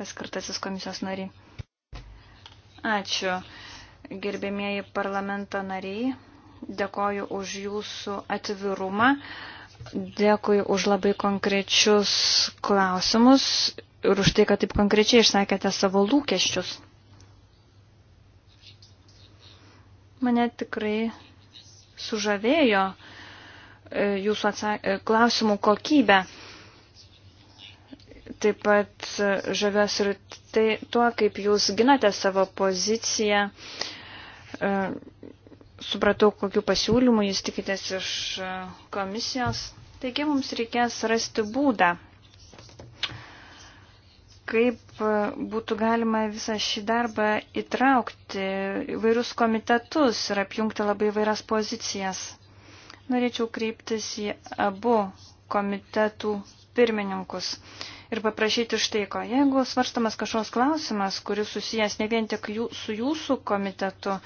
paskirtasis komisijos nariai. Ačiū, gerbėmieji parlamento nariai. Dėkoju už jūsų atvirumą. Dėkui už labai konkrečius klausimus ir už tai, kad taip konkrečiai išsakėte savo lūkesčius. Mane tikrai sužavėjo e, jūsų atsak... E, klausimų kokybę. Taip pat žavės ir tai, tuo, kaip jūs ginate savo poziciją. E, supratau, kokiu pasiūlymu jūs tikitės iš e, komisijos. Taigi mums reikės rasti būdą, kaip e, būtų galima visą šį darbą įtraukti, vairius komitetus ir apjungti labai vairias pozicijas. Norėčiau kreiptis į abu komitetų pirmininkus ir paprašyti štai ko. Jeigu svarstamas kažkoks klausimas, kuris susijęs ne vien tik jų, su jūsų komitetu,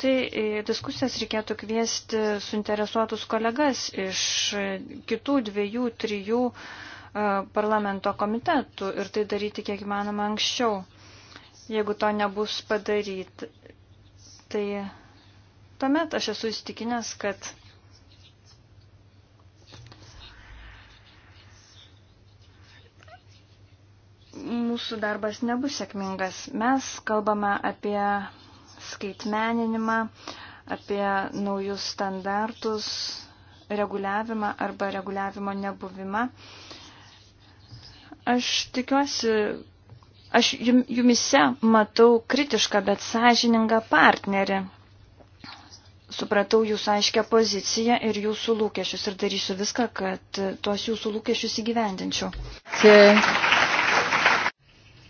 tai diskusijas reikėtų kviesti suinteresuotus kolegas iš kitų dviejų, trijų e, parlamento komitetų ir tai daryti kiek įmanoma anksčiau. Jeigu to nebus padaryti, tai tuomet aš esu įstikinęs, kad mūsų darbas nebus sėkmingas. Mes kalbame apie skaitmeninimą, apie naujus standartus, reguliavimą arba reguliavimo nebuvimą. Aš tikiuosi, aš jumise matau kritišką, bet sąžiningą partnerį. Supratau jūsų aiškę poziciją ir jūsų lūkesčius ir darysiu viską, kad tuos jūsų lūkesčius įgyvendinčiau. Čia.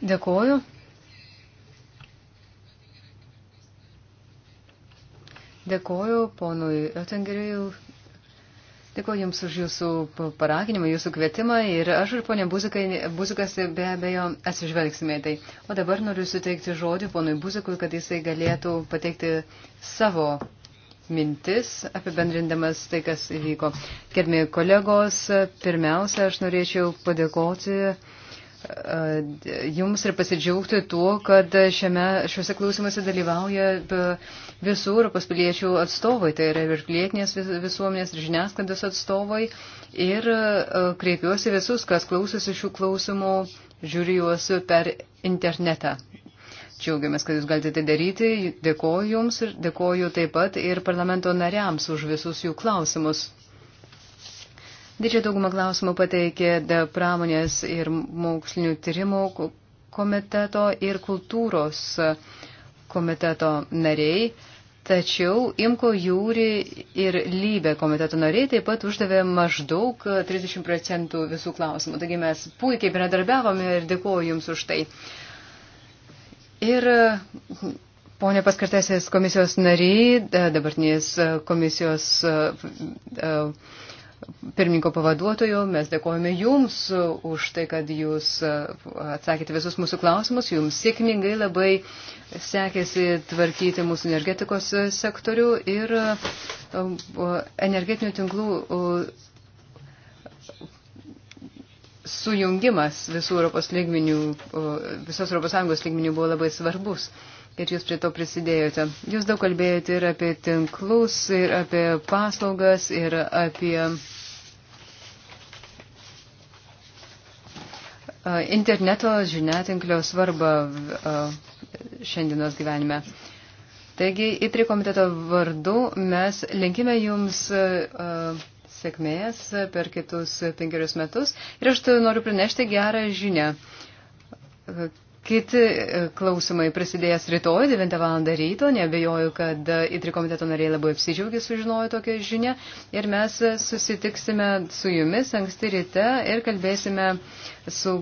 Dėkuoju. Dėkuoju ponui Oettingeriui. Dėkuoju Jums už Jūsų paraginimą, Jūsų kvietimą ir aš ir ponė Buzikas be abejo atsižvelgsime į tai. O dabar noriu suteikti žodį ponui Buzikui, kad jisai galėtų pateikti savo mintis apibendrindamas tai, kas įvyko. Gerbimi kolegos, pirmiausia, aš norėčiau padėkoti jums ir pasidžiaugti tuo, kad šiame, šiuose klausimuose dalyvauja e, visų Europos piliečių atstovai, tai yra ir pilietinės visuomenės, ir žiniasklaidos atstovai. Ir e, kreipiuosi visus, kas klausosi šių klausimų, žiūri juos per internetą. Džiaugiamės, kad jūs galite tai daryti. Dėkoju jums ir dėkoju taip pat ir parlamento nariams už visus jų klausimus. Didžiąją daugumą klausimų pateikė pramonės ir mokslinių tyrimų komiteto ir kultūros komiteto nariai. Tačiau Imko Jūri ir Lybė komiteto nariai taip pat uždavė maždaug 30 procentų visų klausimų. Taigi mes puikiai bendradarbiavome ir dėkuoju Jums už tai. Ir ponė paskirtasis komisijos nariai, dabartinės komisijos pirmininko pavaduotoju. Mes dėkojame Jums už tai, kad Jūs e, atsakėte visus mūsų klausimus. Jums sėkmingai labai sekėsi tvarkyti mūsų energetikos sektorių ir e, energetinių tinklų sujungimas visų Europos lygminių, visos Europos Sąjungos lygminių buvo labai svarbus ir jūs prie to prisidėjote. Jūs daug kalbėjote ir apie tinklus, ir apie paslaugas, ir apie interneto žiniatinklio svarbą šiandienos gyvenime. Taigi, į tri komiteto vardu mes linkime jums sėkmės per kitus penkerius metus ir aš noriu pranešti gerą žinią Kiti e, klausimai prasidėjęs rytoj 9 val. ryto, nebejoju, kad įtri e, komiteto nariai labai apsidžiaugia sužinojo tokią žinią ir mes e, susitiksime su jumis anksti ryte ir kalbėsime su,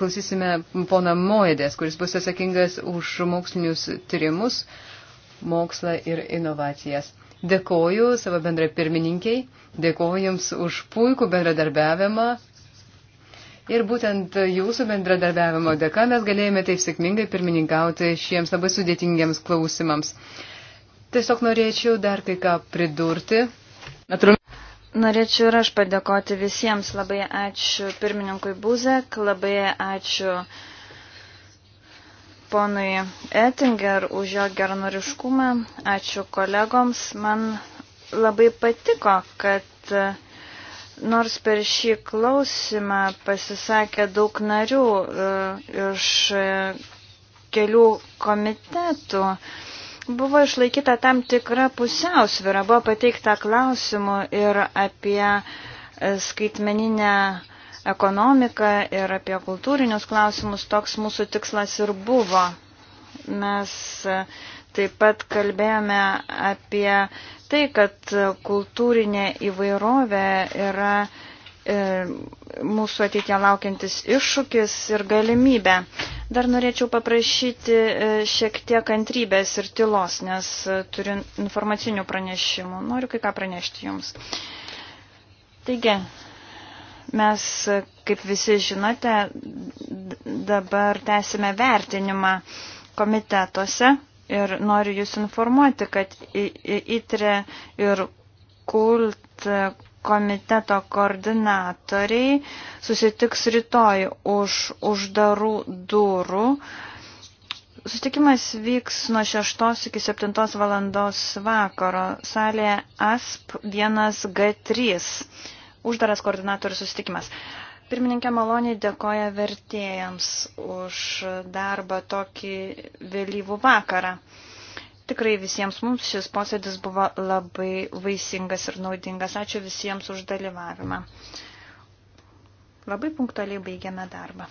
klausysime pona Moedės, kuris bus atsakingas už mokslinius tyrimus, mokslą ir inovacijas. Dėkoju savo bendra pirmininkiai, dėkoju Jums už puikų bendradarbiavimą Ir būtent jūsų bendradarbiavimo dėka mes galėjome taip sėkmingai pirmininkauti šiems labai sudėtingiems klausimams. Tiesiog norėčiau dar kai ką pridurti. Natūrali. Norėčiau ir aš padėkoti visiems. Labai ačiū pirmininkui Buzek, labai ačiū ponui Ettinger už jo geranoriškumą, ačiū kolegoms. Man labai patiko, kad Nors per šį klausimą pasisakė daug narių e, iš e, kelių komitetų, buvo išlaikyta tam tikra pusiausvyrą, buvo pateikta klausimų ir apie e, skaitmeninę ekonomiką ir apie kultūrinius klausimus. Toks mūsų tikslas ir buvo. Mes Taip pat kalbėjome apie tai, kad kultūrinė įvairovė yra e, mūsų ateitie laukiantis iššūkis ir galimybė. Dar norėčiau paprašyti e, šiek tiek kantrybės ir tylos, nes e, turiu informacinių pranešimų. Noriu kai ką pranešti jums. Taigi, mes, kaip visi žinote, dabar tęsime vertinimą komitetuose Ir noriu Jūs informuoti, kad ITRE ir KULT komiteto koordinatoriai susitiks rytoj už uždarų durų. Susitikimas vyks nuo 6 iki 7 valandos vakaro salėje ASP 1G3. Uždaras koordinatorių susitikimas. Pirmininkė maloniai dėkoja vertėjams už darbą tokį vėlyvų vakarą. Tikrai visiems mums šis posėdis buvo labai vaisingas ir naudingas. Ačiū visiems už dalyvavimą. Labai punktualiai baigiame darbą.